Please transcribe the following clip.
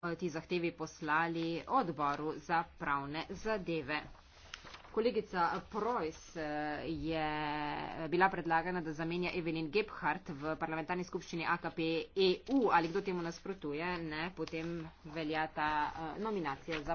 Eh, ti zahtevi poslali odboru za pravne zadeve. Kolegica Preuss eh, je bila predlagana, da zamenja Evelin Gebhardt v parlamentarni skupščini AKP EU. Ali kdo temu nasprotuje? Ne, potem velja ta eh, nominacija za